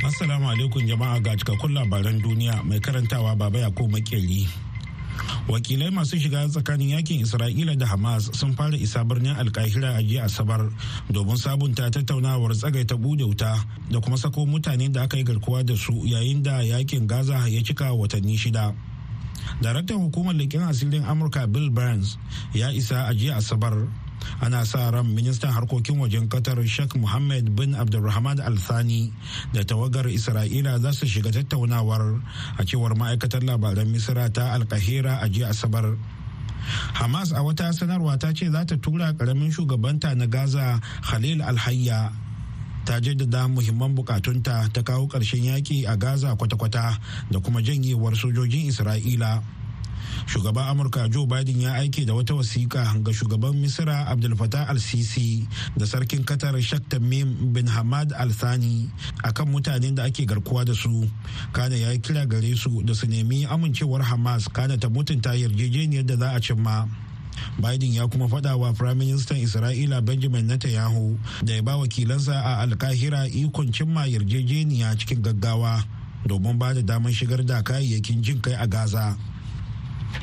Assalamu alaikum jama'a ga cikakkun labaran duniya mai karantawa baba ko makeri. Wakilai masu shiga tsakanin yakin Isra'ila da Hamas sun fara isa birnin alkahira a jiya Asabar domin sabunta tattaunawar tsagai ta bude wuta da kuma sako mutane da aka yi garkuwa da su yayin da yakin Gaza ya cika watanni shida. Daraktan hukumar leƙen asirin Amurka Bill Burns ya isa a jiya Asabar ana sa ran ministan harkokin wajen qatar sheikh mohammed bin abdulrahman AlSani da tawagar isra'ila za su shiga tattaunawar a cewar ma'aikatar labaran misira ta alkahira a jiya asabar hamas a wata sanarwa ta ce za ta tura karamin shugabanta na gaza khalil alhayya ta jaddada muhimman bukatunta ta kawo ƙarshen yaki a gaza kwata-kwata da kuma janyewar sojojin isra'ila shugaban amurka joe biden ya aike da wata wasiƙa ga shugaban misira abdul fatah al-sisi da sarkin qatar shak tamim bin hamad al-thani akan mutanen da ake garkuwa da su kana ya yi kira gare su da su nemi amincewar hamas kana ta mutunta yarjejeniyar da za a cimma Biden ya kuma faɗawa wa Firaministan Isra'ila Benjamin Netanyahu da ya ba wakilansa a alkahira ikon cimma yarjejeniya cikin gaggawa domin ba da damar shigar da kayayyakin jin kai a Gaza.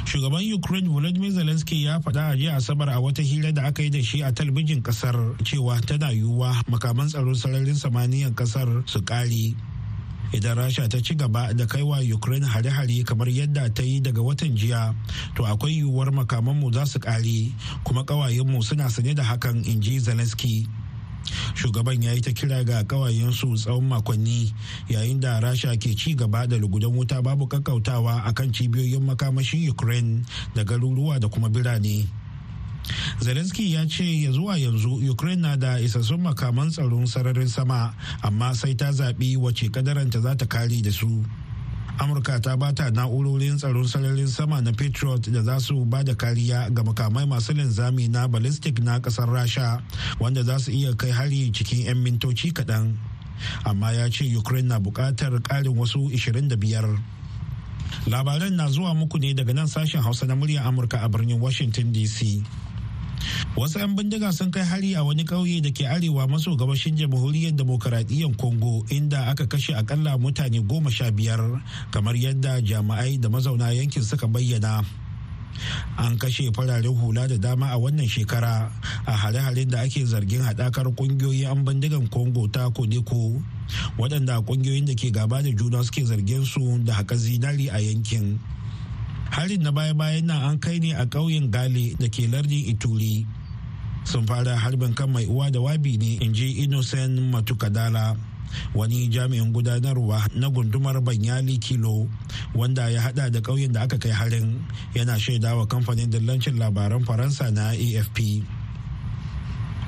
shugaban ukraine volodymyr zelensky ya faɗa a jiya asabar a wata hira da aka yi da shi a talbijin kasar cewa tana yiwuwa makaman tsaro sararin samaniyar kasar su ƙare idan rasha ta ci gaba da kai wa ukraine hare-hare kamar yadda ta yi daga watan jiya to akwai yiwuwar makamanmu za su ƙare kuma ƙawayenmu suna sane da hakan in ji zelensky shugaban ya yi ta kira ga kawayensu tsawon makonni yayin da rasha ke ci gaba da lugudan wuta babu a kan cibiyoyin makamashin ukraine da garuruwa da kuma birane zelensky ya ce ya zuwa yanzu ukraine na da isassun makaman tsaron sararin sama amma sai ta zaɓi wace kadaranta za ta kare da su amurka ta bata na'urorin tsaron sararin sama na patriot da za su ba da kariya ga makamai masu linzami na ballistic na kasar rasha wanda za su iya kai hari cikin 'yan mintoci kaɗan amma ya ce ukraine na buƙatar ƙarin wasu 25 labaran na zuwa muku ne daga nan sashen hausa na murya amurka a birnin washington dc wasu 'yan bindiga sun kai hari a wani ƙauye da ke arewa maso gabashin jamhuriyar demokaradiyyar congo inda aka kashe akalla mutane goma sha biyar kamar yadda jami'ai da mazauna yankin suka bayyana an kashe fararen hula da dama a wannan shekara a hare-haren da ake zargin haɗakar ƙungiyoyin 'yan bindigan congo ta kodeko waɗanda ƙungiyoyin da ke gaba da juna suke zargin su da haka zinari a yankin harin na baya-bayan nan an kai ne a ƙauyen gale da ke lardin ituri sun fara harbin kan mai uwa da wabi ne in ji innocent matukadala wani jami'in gudanarwa na gundumar banyali kilo wanda ya hada da ƙauyen da aka kai harin yana shaidawa kamfanin dillancin labaran faransa na afp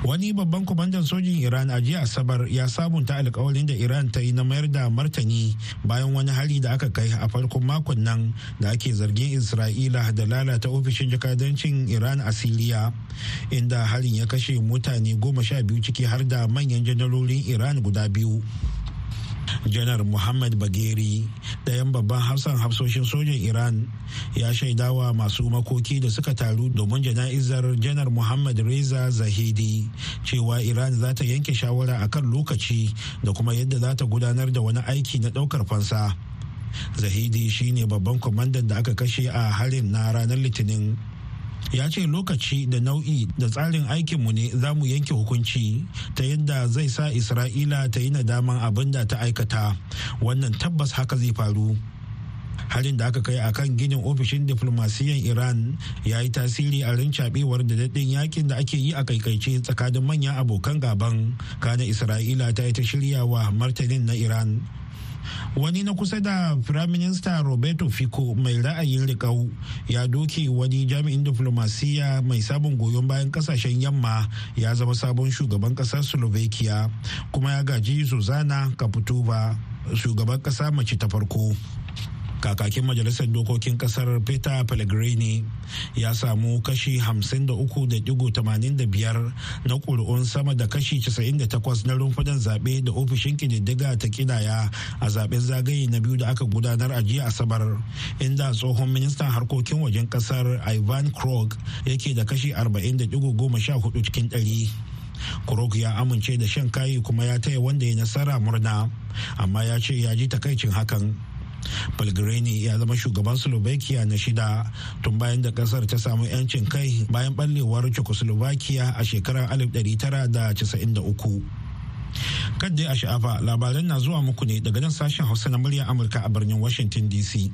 wani babban kwamandan sojin iran a jiya asabar ya sabunta alkawarin da iran ta yi na mayar da martani bayan wani hari da aka kai a farkon makon nan da ake zargin isra'ila da lalata ofishin jakadancin iran a siriya inda harin ya kashe mutane goma sha biyu ciki har da manyan janarorin iran guda biyu janar muhammad bageri ɗayan babban hafsan hafsoshin sojan iran ya shaidawa masu makoki da suka taru domin jana'izar janar muhammad reza zahidi cewa iran za ta yanke shawara a kan lokaci da kuma yadda za ta gudanar da wani aiki na ɗaukar fansa zahidi shine babban kwamandan da aka kashe a harin na ranar litinin ya ce lokaci da nau'i da tsarin aikinmu ne za mu yanke hukunci ta yadda zai sa isra'ila ta yi nadaman abin da ta aikata wannan tabbas haka zai faru harin da aka kai a kan ginin ofishin diflomasiyan iran ya yi tasiri a rincaɓewar da daɗin yakin da ake yi a kaikaice tsakanin manyan abokan gaban kana isra'ila ta yi ta shiryawa wa martanin na iran wani na kusa da firaminista roberto fico mai ra'ayin rikau ya doke wani jami'in diflomasiyya mai sabon goyon bayan kasashen yamma ya zama sabon shugaban kasar slovakia kuma ya gaji zuzana kaputova shugaban kasa mace ta farko kakakin majalisar dokokin kasar peter pellegrini ya samu kashi 53.85 na kuri'un sama da kashi 98 na rumfunan zaɓe da ofishin kididdiga ta kidaya a zaɓen zagaye na biyu da aka gudanar a jiya asabar inda tsohon ministan harkokin wajen kasar ivan krog yake da kashi 40.14 cikin ɗari. Kurok ya amince da shan kayi kuma ya taya wanda ya nasara murna, amma ya ce ya ji takaicin hakan. bulgarini ya zama shugaban Slovakia na shida tun bayan da kasar ta samu 'yancin kai bayan ɓallewar Czechoslovakia a shekarar 1993. dai a sha'afa labaran na zuwa muku ne daga nan sashen Hausa na murya Amurka a birnin Washington DC.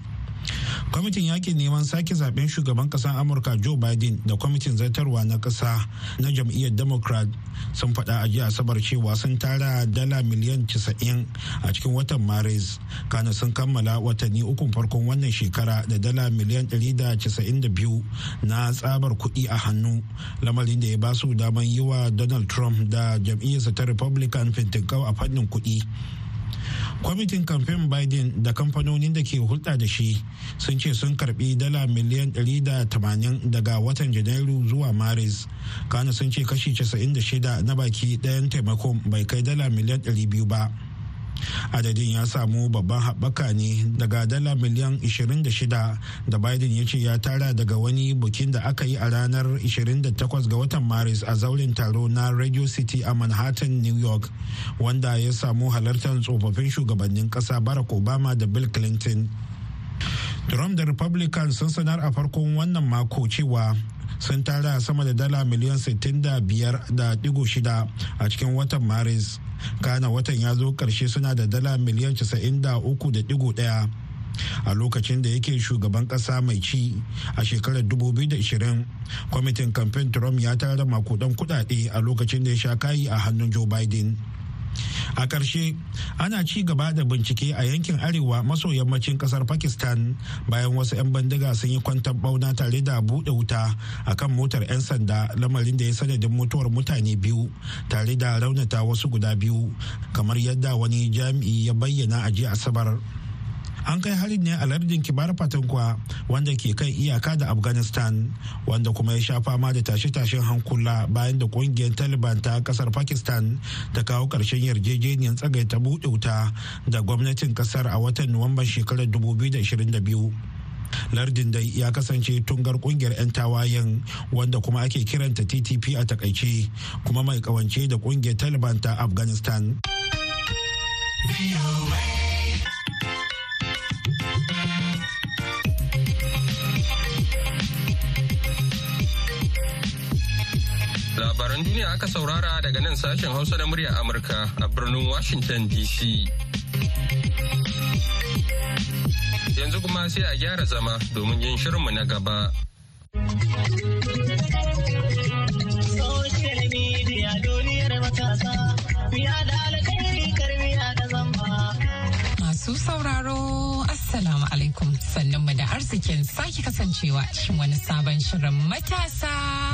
kwamitin yakin neman sake zaben shugaban ƙasar amurka joe biden da kwamitin zartarwa na ƙasa na jam'iyyar democrat sun faɗa a jiya asabar cewa sun tara dala miliyan 90 a cikin watan maris kana sun kammala watanni ukun farkon wannan shekara da dala miliyan 192 na tsabar kuɗi a hannu lamarin da ya basu su daman yi wa donald trump da jam'iyyarsa ta republican fintinkau a fannin kuɗi kwamitin kamfen biden da kamfanonin da ke hulɗa da shi sun ce sun karbi dala miliyan 180 daga watan janairu zuwa maris kana sun ce kashi 96 na baki ɗayan taimakon bai kai dala miliyan 200 ba adadin ya samu babban haɓaka ne daga dala miliyan 26 da biden ya ce ya tara daga wani bukin da aka yi a ranar 28 ga watan maris a zauren taro na radio city a manhattan new york wanda ya samu halartar tsofaffin shugabannin ƙasa barack obama da bill clinton trump da republican sun sanar a farkon wannan mako cewa sun tara sama da dala miliyan 65.6 a cikin watan maris kana watan ya zo karshe suna da dala miliyan 93.1 a lokacin da yake shugaban kasa mai ci a shekarar 2020 kwamitin kamfen trump ya tara makudan kudade a lokacin da ya sha kayi a hannun joe biden a ƙarshe ana ci gaba da bincike a yankin arewa maso yammacin ƙasar pakistan bayan wasu 'yan bandiga sun yi kwantar bauna tare da buɗe wuta a kan motar 'yan sanda lamarin da ya sanadin mutuwar mutane biyu tare da raunata wasu guda biyu kamar yadda wani jami'i ya bayyana a jiya asabar. an kai harin ne a lardin kibar fatankwa wanda ke kan iyaka da afghanistan wanda kuma ya sha fama da tashe-tashen hankula bayan da kungiyar taliban ta kasar pakistan ta kawo karshen yarjejeniyar tsagaita buɗe wuta da gwamnatin kasar a watan nuwamban shekarar 2022 lardin dai ya kasance tungar kungiyar 'yan tawayen wanda kuma ake kiranta ttp a takaice kuma mai kawance da kungiyar taliban ta afghanistan labaran duniya aka saurara daga nan sashen Hausa na murya Amurka a birnin Washington DC. Yanzu kuma sai a gyara zama domin yin shirinmu na gaba. masu sauraro assalamu alaikum sannan mu da arzikin sake kasancewa cikin wani sabon shirin matasa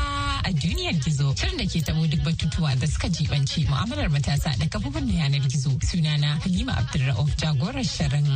a duniyar gizo shirin da ke tamo duk batutuwa da suka jibanci mu'amalar matasa da kafofin na yanar gizo sunana Halima Abdulra'uf jagorar shirin.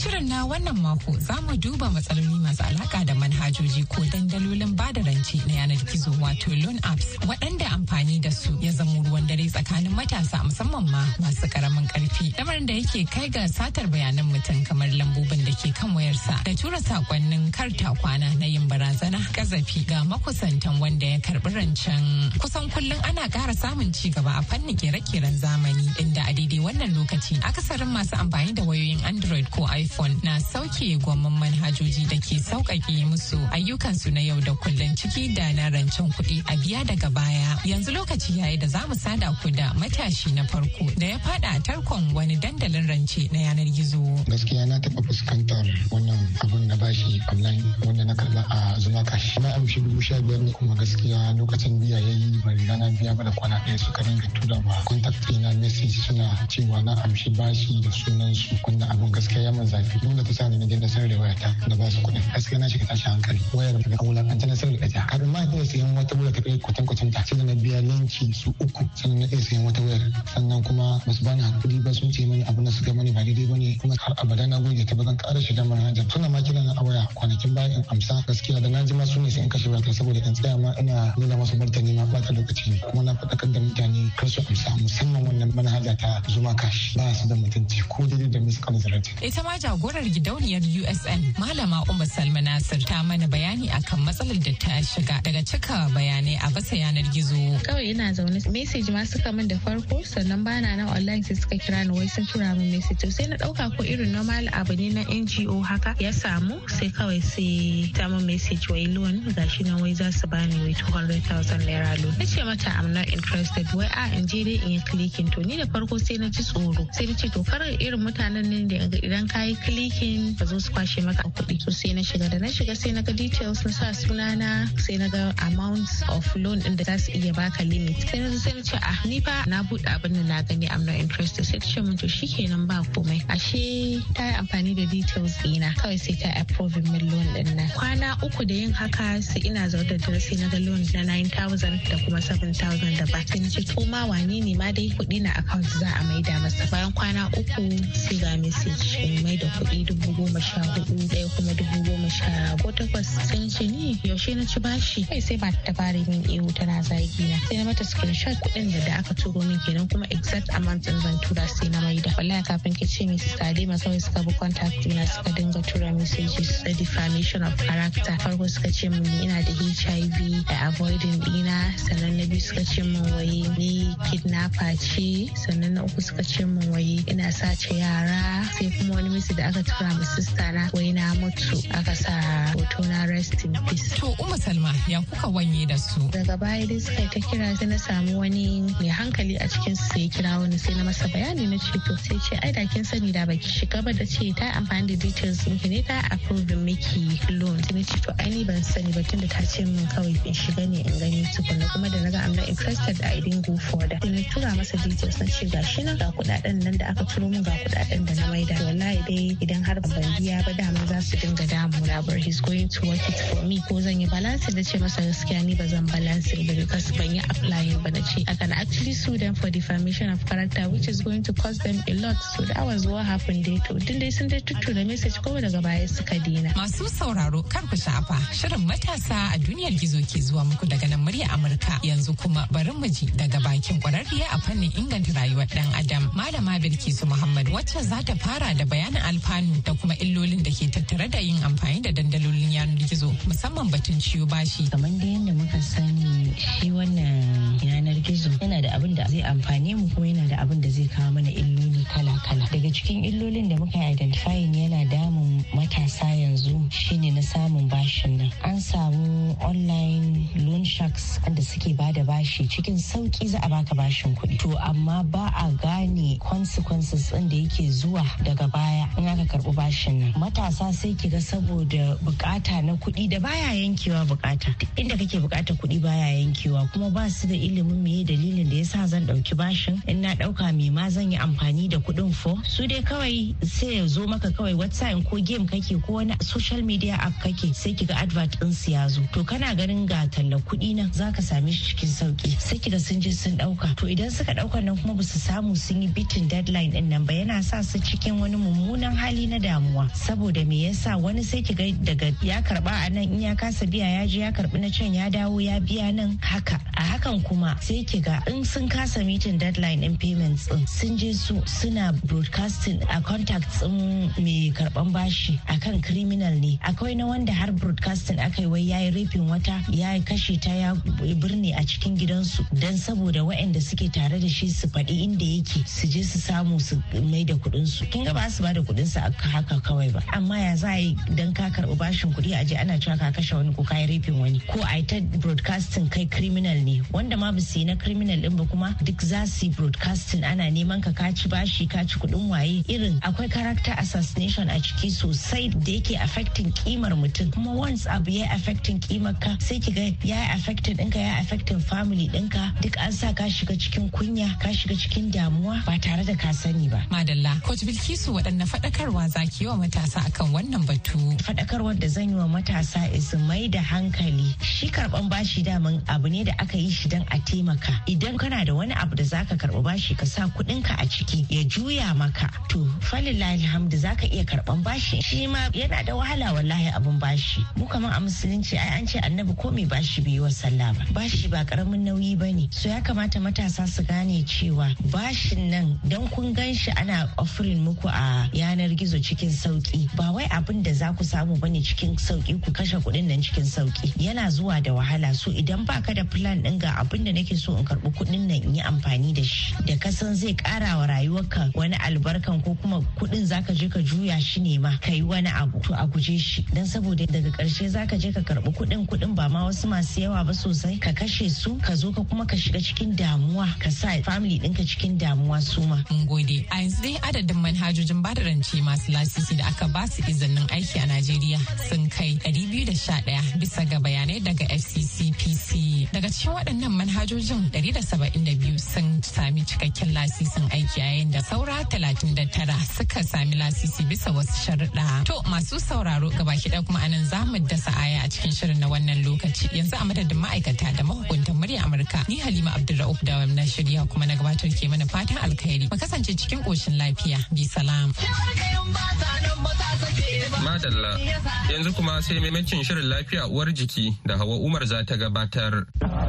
shirin na wannan mako za mu duba matsaloli masu alaka da manhajoji ko dandalolin ba da rance na yanar gizo wato loan apps waɗanda amfani da su ya zama ruwan dare tsakanin matasa musamman ma masu karamin karfi lamarin da yake kai ga satar bayanan mutum kamar lambobin da ke kan wayarsa da tura sakonnin karta kwana na yin barazana kazafi ga makusantan wanda ya karbi rancen kusan kullum ana ƙara samun ci gaba a fannin kere-keren zamani inda a daidai wannan lokaci akasarin masu amfani da wayoyin android ko iphone iphone na sauke gwamman manhajoji da ke sauƙaƙe musu ayyukansu na yau da kullum ciki da na rancen kuɗi a biya daga baya yanzu lokaci yayi da za mu sada ku da matashi na farko da ya fada tarkon wani dandalin rance na yanar gizo gaskiya na taɓa fuskantar wannan abun na bashi online wanda na karɓa a zuma kashi. na amshi dubu sha biyar ne kuma gaskiya lokacin biya ya yi ban riga na biya ba da kwana ɗaya suka dinga tura ma contact na message suna cewa na amshi bashi da sunan su kunna abun gaskiya ya rafi dole ta sani na gina na sayar da wayata na ba su kuɗin gaskiya na shiga tashi hankali wayar daga wulakanta na sayar da ta kafin ma iya sayan wata wayar ta kai kwatan kwatan ta sai da na biya linki su uku sannan na iya sayan wata wayar sannan kuma ba su bani hakuri ba sun ce mani abin da suka mani ba daidai ba ne kuma har abada na goge ta ba zan ƙara shiga manhajar suna ma kiran na awaya kwanakin baya in amsa gaskiya da na ji ma su ne sai in kashe wayar saboda in tsaya ma ina nuna masu martani ma ɓata lokaci ne kuma na kan da mutane kar su amsa musamman wannan manhaja ta zuma kashi ba su da mutunci ko daidai da miskan zarati. ita ma jagorar gidauniyar USN Malama Umar Salma Nasir ta mana bayani akan matsalar da ta shiga daga cika bayanai a basa yanar gizo. Kawai ina zaune message ma suka min da farko sannan bana nan online sai suka kira ni wai sun tura min message sai na dauka ko irin normal abu ne na NGO haka ya samu sai kawai sai ta min message wai loan gashi nan wai za su bani wai 200,000 naira loan. Nace mata I'm not interested wai a in je dai in yi clicking to ni da farko sai na ji tsoro sai na ce to kar irin mutanen ne da idan ka clicking ba zo su kwashe maka kuɗi to sai na shiga da na shiga sai na ga details na sa sunana sai na ga amount of loan din da za su iya baka limit sai na sai na ce ah ni fa na buɗe abin da na gani I'm not interested sai ta ce to shikenan ba komai ashe ta yi amfani da details dina kawai sai ta approve min loan din nan kwana uku da yin haka sai ina zaune da dare sai na ga loan na 9000 da kuma 7000 da ba sai ce ko ma wane ne ma dai kuɗi na account za a maida masa bayan kwana uku sai ga message mai da kuɗi dubu goma sha hudu ɗaya kuma dubu goma sha ko takwas sai ce ni yaushe na ci bashi kai sai ba ta fara min ihu tana zagi na sai na mata screenshot kuɗin da da aka turo min kenan kuma exact amount ɗin zan tura sai na maida wallahi kafin ki ce Mrs. ma kawai suka bi contact ɗina suka dinga tura messages da defamation of character farko suka ce min ina da HIV da avoiding ɗina sannan na biyu suka ce min wai ni na face sannan na uku suka ce min wai ina sace yara sai kuma wani misi da aka tura ma sista na wai na mutu aka sa hoto na rest in peace. To Umma Salma ya kuka wanye da su. Daga baya dai suka ta kira sai na samu wani mai hankali a cikin su sai kira wani sai na masa bayani na ce to sai ce ai da kin sani da baki shiga ba da ce ta amfani da details ɗinki ne ta approve miki loan. Sai na ce to ai ni ban sani ba tunda ta ce min kawai in shiga ne in gani tukuna kuma da na ga interested a idin go for that. tura masa details na ce shi nan ga kudaden nan da aka turo min ga kudaden da na maida wallahi dai idan har ban biya ba dama za su dinga damuna but he's going to work it for me ko zan yi balance da ce masa gaskiya ni ba zan balancing ba because ban yi applying ba na ce I can actually sue them for defamation of character which is going to cost them a lot so that was what happened dai to din dai sun dai tuttura message ko daga baya suka dina. Masu sauraro kar ku sha'afa shirin matasa a duniyar gizo ke zuwa muku daga nan murya Amurka yanzu kuma bari mu ji daga bakin kwararriya kwararriya a fannin inganta rayuwar dan adam malama bilkisu muhammad wacce za ta fara da bayanin alfanu da kuma illolin da ke tattare da yin amfani da dandalolin yanar gizo musamman batun ciwo bashi kamar da yadda muka sani shi wannan yanar gizo yana da abin da zai amfani mu kuma yana da abin da zai kawo mana illoli kala-kala daga cikin illolin da muka identifying yana damun matasa yanzu shine na samun bashin nan an samu online loan sharks da suke bada bashi cikin sauki za a baka bashin kasafin kuɗi to amma ba a gane consequences ɗin da yake zuwa daga baya in aka karɓi bashin nan matasa sai ki ga saboda bukata na kuɗi da baya yankewa bukata inda kake bukata kuɗi baya yankewa kuma ba su da ilimin me dalilin da yasa zan ɗauki bashin in na ɗauka me ma zan yi amfani da kuɗin fo su dai kawai sai ya zo maka kawai whatsapp ko game kake ko wani social media app kake sai kiga advert ɗin su ya zo to kana ganin ga talla kuɗi na zaka same shi cikin sauki sai kiga sun je sun ɗauka to idan suka ɗauka nan kuma ba su samu sun yi bitin deadline din nan ba yana sa su cikin wani mummunan hali na damuwa saboda me yasa wani sai ki ga daga ya karba a nan in ya kasa biya ya ji ya karbi na can ya dawo ya biya nan haka a hakan kuma sai ki ga in sun kasa meeting deadline din payments din sun je su suna broadcasting a contacts din mai karban bashi akan criminal ne akwai na wanda har broadcasting aka yi wai yayi rifin wata ya kashe ta ya birne a cikin gidansu dan saboda waɗanda suke suke tare da shi su faɗi inda yake su je su samu su mai da kuɗin su kin ga ba su ba da kuɗin su a haka kawai ba amma ya za a yi dan ka karɓi bashin kuɗi a je ana cewa ka kashe wani ko ka yi rifin wani ko a ta broadcasting kai criminal ne wanda ma ba su yi na criminal din ba kuma duk za su yi broadcasting ana neman ka kaci bashi kaci kuɗin waye irin akwai character assassination a ciki sosai da yake affecting kimar mutum kuma once abu ya affecting kimar ka sai ki ga ya affecting ɗinka ya affecting family ɗinka duk an sa ka shiga ciki cikin kunya ka shiga cikin damuwa ba tare da ka sani ba. Madalla, Coach Bilkisu waɗanne faɗakarwa za ki yi wa matasa akan wannan batu? Faɗakarwar da zan yi wa matasa is mai da hankali. Shi karɓan bashi daman abu ne da aka yi shi don a taimaka. Idan kana da wani abu da zaka karɓa bashi ka sa kuɗinka a ciki ya juya maka. To, falilahi alhamdu zaka iya karɓan bashi. Shi ma yana da wahala wallahi abun bashi. Mu kamar a musulunci ai an ce annabi ko mai bashi bai yi wa sallah ba. Bashi ba ƙaramin nauyi ba ne. So ya kamata matasa sa su gane cewa bashin nan don kun gan shi ana ofirin muku a yanar gizo cikin sauki ba wai abin da za ku samu ne cikin sauki ku kashe kuɗin nan cikin sauki yana zuwa da wahala so idan baka da plan ɗin ga abin da nake so in karɓi kuɗin nan in yi amfani da shi da kasan zai ƙara wa rayuwarka wani albarkan ko kuma kuɗin zaka je ka juya shi ne ma ka yi wani abu to a guje shi dan saboda daga ƙarshe zaka je ka karɓi kuɗin kuɗin ba ma wasu masu yawa ba sosai ka kashe su ka zo ka kuma ka shiga cikin damuwa ka sa family ɗinka cikin damuwa su ma. Mun gode. A yanzu dai adadin manhajojin ba rance masu lasisi da aka ba su izinin aiki a Najeriya sun kai 211 bisa ga bayanai daga FCCPC. Daga cikin waɗannan manhajojin 172 sun sami cikakken lasisin aiki a yayin da saura 39 suka sami lasisi bisa wasu sharuɗa. To masu sauraro gaba ki kuma anan za mu dasa aya a cikin shirin na wannan lokaci yanzu a madadin ma'aikata da mahukuntan murya Amurka ni Halima Abdulra'uf da na shirya kuma na gabatar ke mana fatan alkhairi mu kasance cikin koshin lafiya bi salam. Madalla yanzu kuma sai maimacin shirin lafiya uwar jiki da Hawa Umar za ta gabatar.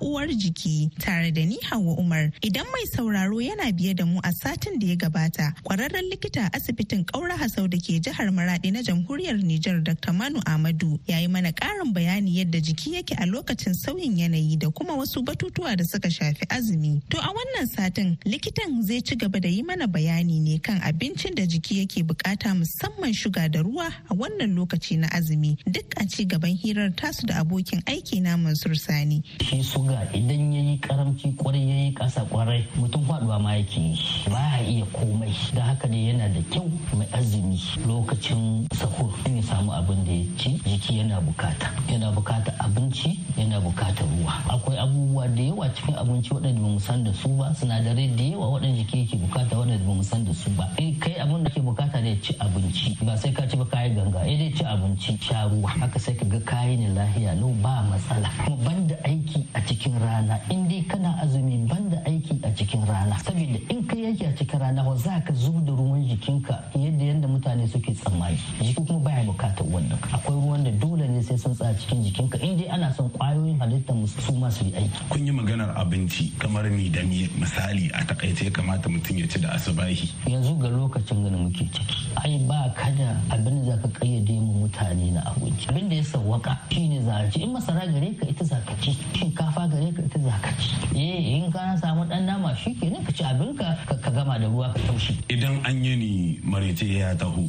uwar jiki tare da ni Hauwa Umar. Idan mai sauraro yana biye da mu a satin da ya gabata, kwararren likita asibitin Kaura Hasau da ke jihar Maradi na Jamhuriyar Nijar Dr. Manu Amadu ya yi mana ƙarin bayani yadda jiki yake a lokacin sauyin yanayi da kuma wasu batutuwa da suka shafi azumi. To a wannan satin likitan zai ci gaba da yi mana bayani ne kan abincin da jiki yake bukata musamman shuga da ruwa a wannan lokaci na azumi duk a ci gaban hirar tasu da abokin aiki na Mansur Sani. Shi ga idan ya yi karamci kwarai ya yi ƙasa kwarai mutum faɗuwa ma yake yi ba iya komai da haka ne yana da kyau mai azumi lokacin sahur ya samu abin da ya ci jiki yana bukata yana bukata abinci yana bukata ruwa akwai abubuwa da yawa cikin abinci waɗanda bamu san da su ba sinadarai da yawa waɗanda jiki yake bukata waɗanda bamu san da su ba in eh, kai abin da ke bukata ne ci abinci ba sai ka ci ba kayi ganga ya eh, dai ci abinci sha ruwa haka sai ka ga kayi ne lahiya n'o ba matsala kuma banda aiki a ciki cikin rana in dai kana azumi banda aiki a cikin rana saboda in ka yaki a cikin rana wa za ka zo da ruwan jikinka yadda yadda mutane suke tsammani jiki kuma baya bukatar wannan akwai ruwan da dole ne sai sun tsaya cikin jikinka in dai ana son kwayoyin halittar su ma su yi aiki kun yi maganar abinci kamar ni da ni misali a takaice ya kamata mutum ya ci da asubahi yanzu ga lokacin gani muke ciki ai ba kada abin da zaka kayyade mu mutane na abinci abin da ya sawwaka shine za a ci in masara gare ka ita za ka ci shinkafa ka ka ita za ka ci eh in ka samu dan nama shi ke ka ci abin ka ka gama da ruwa ka taushi idan an yi ni marece ya taho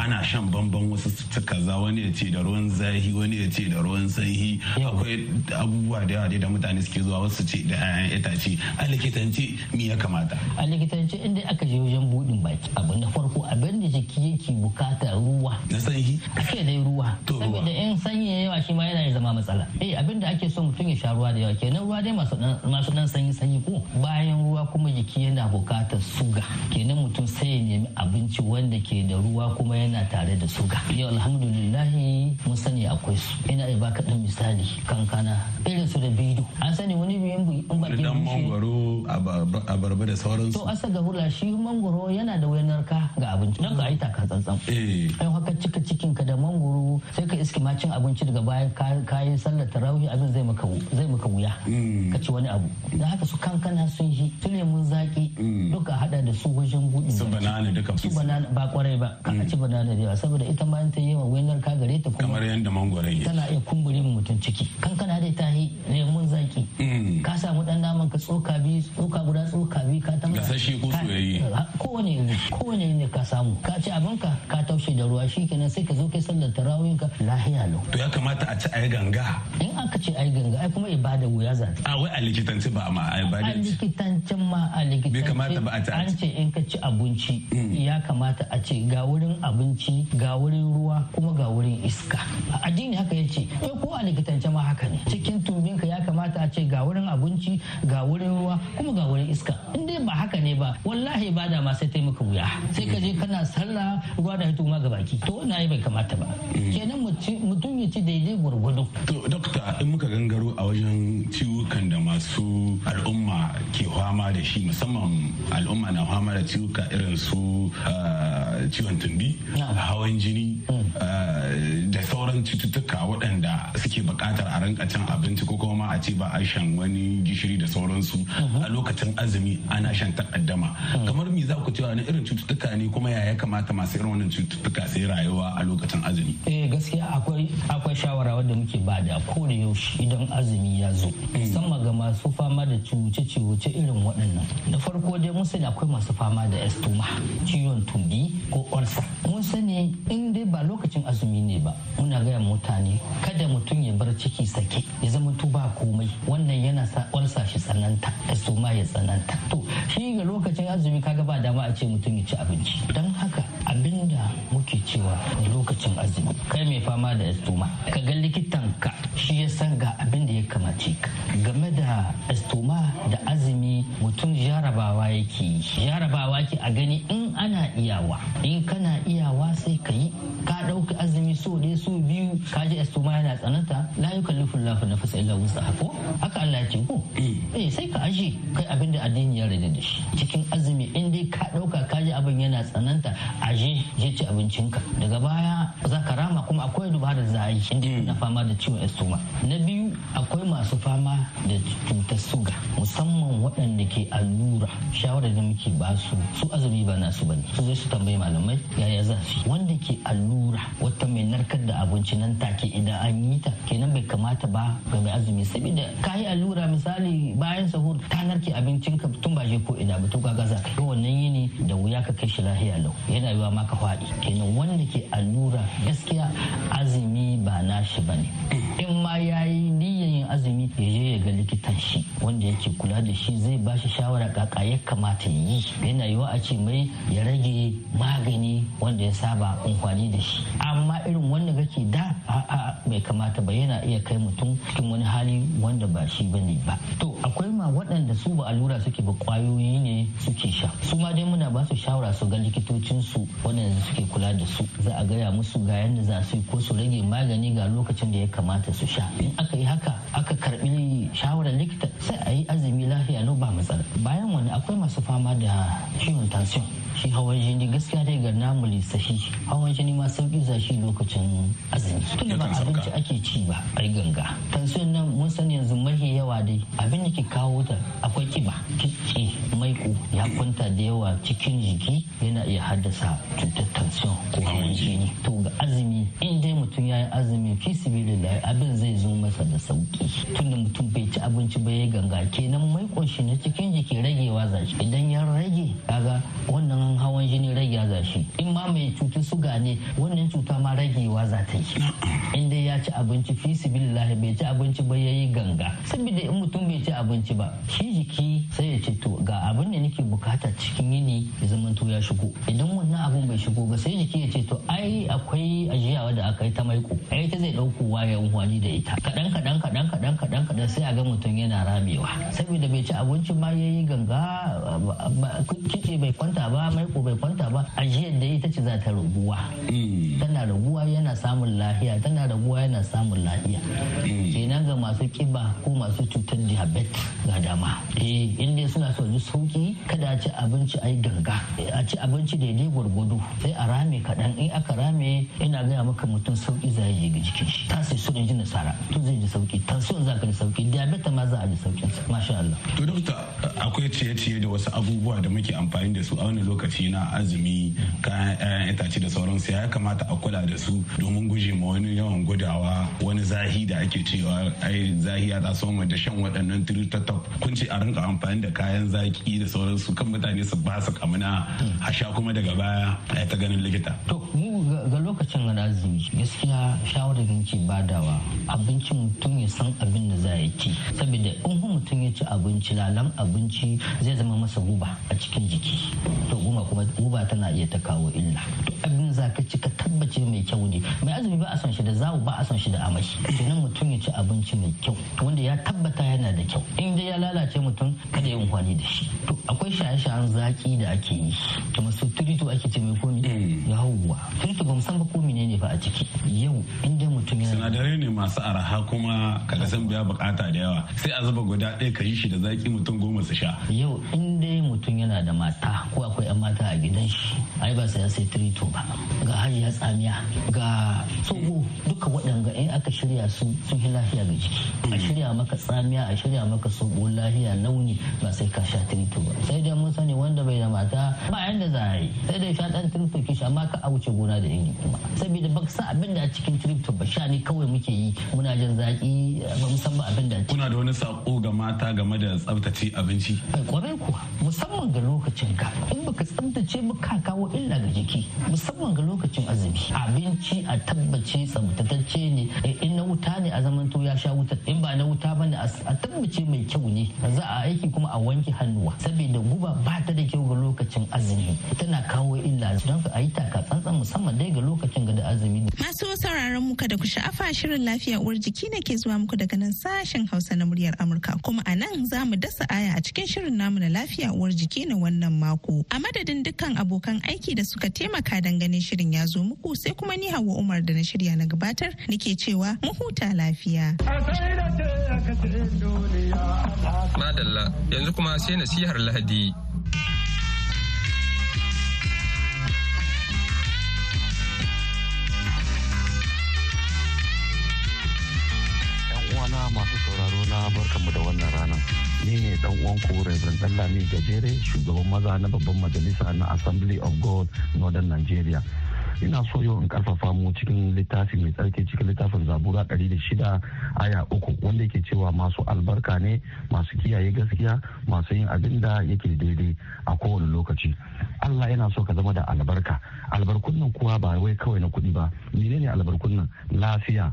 ana shan bamban wasu kaza wani ya ce da ruwan zahi wani ya ce da ruwan sanyi akwai abubuwa da yawa da mutane suke zuwa wasu ce da ita itace a likitanci me ya kamata a likitanci inda aka je wajen budin baki abu na farko abin da jiki yake bukata ruwa na sanyi ake dai ruwa To ruwa. da in sanyi yawa shi ma yana zama matsala eh abin da ake so mutum ya sha ruwa da yawa kenan ruwa dai masu dan sanyi sanyi ko bayan ruwa kuma jiki yana bukatar suga kenan mutum sai ya nemi abinci wanda ke da ruwa kuma yana tare da suga yau alhamdulillah mun sani akwai su ina da baka dan misali kankana irin su da bido an sani wani biyan in baki dan mangoro a barba da sauransu to asa ga hula shi mangoro yana da wayar ka ga abinci dan ka aita ka tsantsan eh haka cika cikin ka da mangoro sai ka iske ma cin abinci daga bayan kayan sallar tarawih abin zai maka zai maka wuya mm. ka ci wani abu da haka su kankana sun shi su lemun zaki mm. duka hada da su wajen buɗe su banana duka su banana ba kwarai ba ka mm. ci banana da yawa saboda ita ma ta yi wa wainar ka gare ta kuma kamar yadda mangwara yake tana iya kumbure mu mutum ciki kankana dai ta yi lemun zaki ka samu dan naman ka tsoka bi tsoka guda tsoka bi ka tamma shi ko soyayye kowane ko kowane ne ka samu ka ci abin ka ka taushe da ruwa shikenan sai ka zo kai sallar tarawih ka lahiya lo to ya kamata a ci ayi ganga in aka ce ayi ganga ai kuma ibada wuya A ah, wai a likitance ba ma a likitance ma a likitance. Bai kamata ba a ta An ce in ka ci abinci hmm. ya kamata a ce ga wurin abinci ga wurin ruwa kuma ga wurin iska. A addini haka ya ce ko a likitance ma haka ne. Cikin ka ya kamata a ce ga wurin abinci ga wurin ruwa kuma ga wurin iska. In dai ba haka ne ba wallahi ba da ma sai taimaka wuya. Sai ka je kana sallah ruwa da hito ma ga baki. To wannan bai kamata ba. Hmm. Kenan mutum ya ci daidai gwargwado. To al'umma ke fama da shi musamman al'umma na fama da ciwuka irin su ah, ciwon tumbi hawan jini mm. ah, sauran cututtuka waɗanda suke buƙatar a rinka cin abinci ko kuma a ce ba a shan wani gishiri da sauransu a uh-huh. lokacin azumi ana shan takaddama uh-huh. kamar me za ku cewa na irin cututtuka ne kuma ya ya kamata masu irin wannan cututtuka sai rayuwa a lokacin azumi eh gaskiya akwai akwai shawara wanda muke ba da kowane yaushe idan azumi ya zo mm. musamman ga masu fama da ciwuce-ciwuce irin waɗannan da farko dai mun sani akwai masu fama da estoma ciwon tumbi ko ulcer mun sani in dai ba lokacin azumi ne ba muna ga gayan mutane kada mutum ya bar ciki sake ya zama tu ba komai wannan yana sa shi tsananta da su ma ya tsananta to shi ga lokacin azumi kaga ba dama a ce mutum ya ci abinci don haka abinda muke cewa a lokacin azumi kai mai fama da estoma ka ga likitan ka shi ya san ga abin da ya kamace ka game da estoma da azumi mutum jarabawa yake jarabawa ke a gani in ana iyawa in kana iyawa sai ka yi ka ɗauki azumi so ɗaya so biyu biyu kaji estoma yana tsananta la yukallifu na fasa illa wusa ko haka Allah ce ko eh. eh sai ka aje kai abinda da addini ya rage da shi cikin azumi in dai ka dauka kaji abin yana tsananta aje je ci abincinka daga baya za ka rama kuma akwai dubara da za a yi eh. na fama da ciwon estoma na biyu akwai masu fama da cutar suga musamman waɗanda ke allura shawarar da muke ba su su azumi ba nasu bane su zai su tambayi malamai yaya za su wanda ke allura wata mai narkar da abinci hukunci nan take idan an yi ta kenan bai kamata ba ga mai azumi saboda ka yi allura misali bayan sahur ta narke abincin ka tun ba ko ina ba to ka gaza to wannan yini da wuya ka kai shi lahiya lau yana yiwa maka ka faɗi kenan wanda ke allura gaskiya azumi ba na shi ba ne. in ma yayi niyyan yin azumi ya je ya ga likitan shi wanda yake kula da shi zai ba shi shawara kaka ya kamata ya yi yana yiwa a ce mai ya rage magani wanda ya saba amfani da shi amma irin wanda kake Da! a'a bai kamata ba yana iya kai mutum cikin wani hali wanda ba shi ne ba to akwai ma waɗanda su ba allura suke ba kwayoyi ne suke sha su ma dai muna ba su shawara su ga likitocin su waɗanda suke kula da su za a gaya musu ga yadda za su yi ko su rage magani ga lokacin da ya kamata su sha in aka yi haka aka karɓi shawarar likita sai a yi azumi lafiya no ba matsala bayan wani akwai masu fama da ciwon tansiyon shi hawan jini gaskiya dai ga namu lissafi hawan jini ma sauki shi lokacin azumi tunda ba abinci ake ci ba ai ganga tansiyon nan mun sani yanzu mahi yawa dai abin da ke kawo ta akwai kiba kitse maiko ya kwanta da yawa cikin jiki yana iya haddasa cutar son ko hawan jini to ga azumi in dai mutum ya yi azumi fi sibilillahi abin zai zo masa da sauki tunda mutum bai ci abinci ba ya ganga kenan mai koshi na cikin jiki ragewa zashi idan ya rage kaga wannan hawan jini ragewa zashi in ma mai cutar suga ne wannan cuta ma ragewa za ta yi in dai ya ci abinci fi sibilillahi bai ci abinci ba ya yi ganga saboda in mutum bai ci abinci ba shi jiki sai ya ce to ga abin da nake bukata cikin yini ya to ya shigo idan wannan abun bai shigo ba sai jiki ya ce to ai akwai ajiyawa da aka yi ta maiko ai ta zai ɗauko waya wani da ita kaɗan kaɗan kaɗan kaɗan kaɗan kadan sai a ga mutum yana ramewa saboda bai ci abinci ma yayi ganga kike bai kwanta ba maiko bai kwanta ba ajiyar da ita ce za ta raguwa mm. tana raguwa yana samun lafiya. tana raguwa yana samun lafiya mm. ga masu kiba ko masu cutar diabetes ga dama eh in dai suna so ji sauki kada a ci abinci ai ganga eh, a ci abinci daidai gwargwado sai a rame kaɗan in aka rame ina gaya maka mutum sauki za ya ga jikin shi tasi sunan ji nasara to zai ji sauki tansiyon za ka ji sauki diabetes ma za a ji sauki masha Allah to dokta akwai ciye-ciye da wasu abubuwa da muke amfani da su a wani lokaci na azumi kayan itace da sauransu ya kamata a kula da su domin guje ma wani yawan gudawa wani zahi da ake cewa ai zahi ta so mai da shan waɗannan tiritattop kun ce a rinka amfani da kayan zaki da sauransu kan mutane su ba su kamuna a sha kuma daga baya a ta ganin likita. To mu ga lokacin wani azumi gaskiya shawarar da nake badawa abincin mutum ya san abin da za ya ci saboda in mutum ya ci abinci lalam abinci zai zama masa guba a cikin jiki to guma kuma guba tana iya ta kawo illa to abin za ka ci ka tabbace mai kyau ne mai azumi ba a san shi da zawo ba a san shi da amashi kenan mutum ya ci abinci abinci mai kyau wanda ya tabbata yana da kyau in dai ya lalace mutum kada ya amfani da shi to akwai shaye-shayen zaki da ake yi kamar su turitu ake ce mai komi eh. yawwa turitu ba san ba mine ne ba a ciki yau in dai mutum yana sinadarai ne masu araha kuma kaga san biya bukata da yawa sai a zuba guda ɗaya ka yi shi da zaki mutum goma su sha yau in dai mutum yana da mata ko akwai 'yan mata a gidan shi ai ba sai ya sai turitu ba ga hajiya tsamiya ga tsoho duka waɗanga in aka shirya su sun fi lafiya ga a shirya maka tsamiya a shirya maka sobo lahiya launi ba sai ka sha tirito ba sai dai mun sani wanda bai da mata ba yanda za a yi sai dai sha dan tirito ki sha ma ka a wuce gona da iri kuma saboda ba san abin da a cikin tirito ba sha ne kawai muke yi muna jin zaki ba mu san ba abin da kuna da wani sako ga mata game da tsaftace abinci kwarai eh, kuwa musamman ga lokacin ka in baka tsabtace ba ka kawo illa ga jiki musamman ga lokacin azumi abinci a tabbace tsaftatacce ne eh, in na wuta ne a zaman ya sha sha wuta in ba na wuta ba bane a tabbace mai kyau ne za a aiki kuma a wanke hannuwa saboda guba ba ta da kyau ga lokacin azumi tana kawo illa don ka ayi taka tsantsan musamman dai ga lokacin ga da azumi masu sauraron muka da ku sha'afa shirin lafiya uwar jiki na ke zuwa muku daga nan sashen Hausa na muryar Amurka kuma a nan za mu dasa aya a cikin shirin namu na lafiya uwar jiki na wannan mako a madadin dukkan abokan aiki da suka taimaka dan ganin shirin ya zo muku sai kuma ni Hauwa Umar da na shirya na gabatar nake cewa mu huta lafiya. Madalla yanzu kuma sai nasihar Lahadi. uwana masu sauraro na barkanmu da wannan rana ni ne dan uwanku Reverend Dallami Gajere shugaban maza na babban majalisa na Assembly of God Northern Nigeria ina so yau in karfafa mu cikin littafi mai tsarki cikin littafin zabura ɗari da shida aya uku wanda yake cewa masu albarka ne masu kiyaye gaskiya masu yin abin da yake daidai a kowane lokaci Allah yana so ka zama da albarka albarkun nan kuwa ba wai kawai na kuɗi ba menene albarkun nan lafiya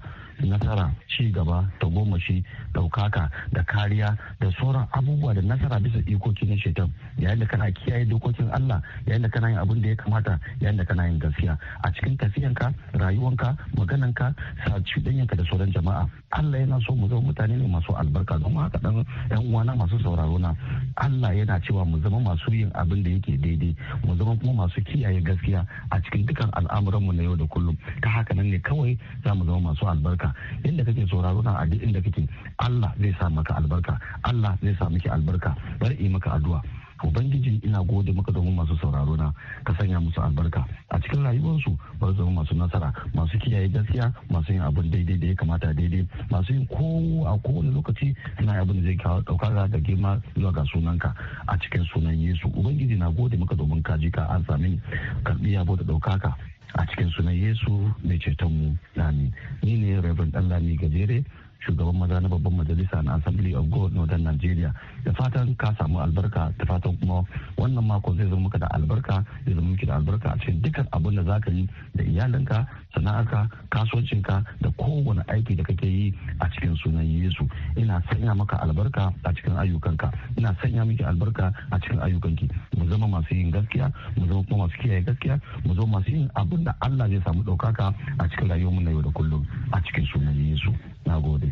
nasara ci gaba da shi ɗaukaka da kariya da sauran abubuwa da nasara bisa ikoki na shetan yayin da kana kiyaye dokokin Allah yayin da kana yin abin da ya kamata yayin da kana yin gaskiya a cikin tafiyanka rayuwanka magananka sa danyanka da sauran jama'a Allah yana so mu zama mutane ne masu albarka don haka dan yan uwana masu sauraro na Allah yana cewa mu zama masu yin abin da yake daidai mu zama kuma masu kiyaye gaskiya a cikin dukan al'amuranmu na yau da kullum ta haka nan ne kawai za mu zama masu albarka maka inda kake sauraro na a inda kake Allah zai sa maka albarka Allah zai sa miki albarka bar yi maka addu'a ubangiji ina gode maka domin masu sauraro na ka sanya musu albarka a cikin rayuwarsu ba zama masu nasara masu kiyaye gaskiya masu yin abin daidai da ya kamata daidai masu yin ko a kowane lokaci suna yi abin da zai kawo daukar da girma zuwa ga sunanka a cikin sunan yesu ubangiji na gode maka domin ka ji ka an sami karbi yabo da daukaka a cikin sunan yesu mai cetonmu amin ni ne rabin allah lami gajere shugaban maza na babban majalisa na assembly of god northern nigeria da fatan ka samu albarka da fatan kuma wannan mako zai zama maka da albarka zai zama miki da albarka a cikin dukkan abin da zaka yi da iyalinka sana'arka kasuwancinka da kowane aiki da kake yi a cikin sunan yesu ina sanya maka albarka a cikin ayyukanka ina sanya miki albarka a cikin ayyukanki mu zama masu yin gaskiya mu zama kuma masu kiyaye gaskiya mu zama masu yin abin da allah zai samu ɗaukaka a cikin rayuwarmu na yau da kullum a cikin sunan yesu na gode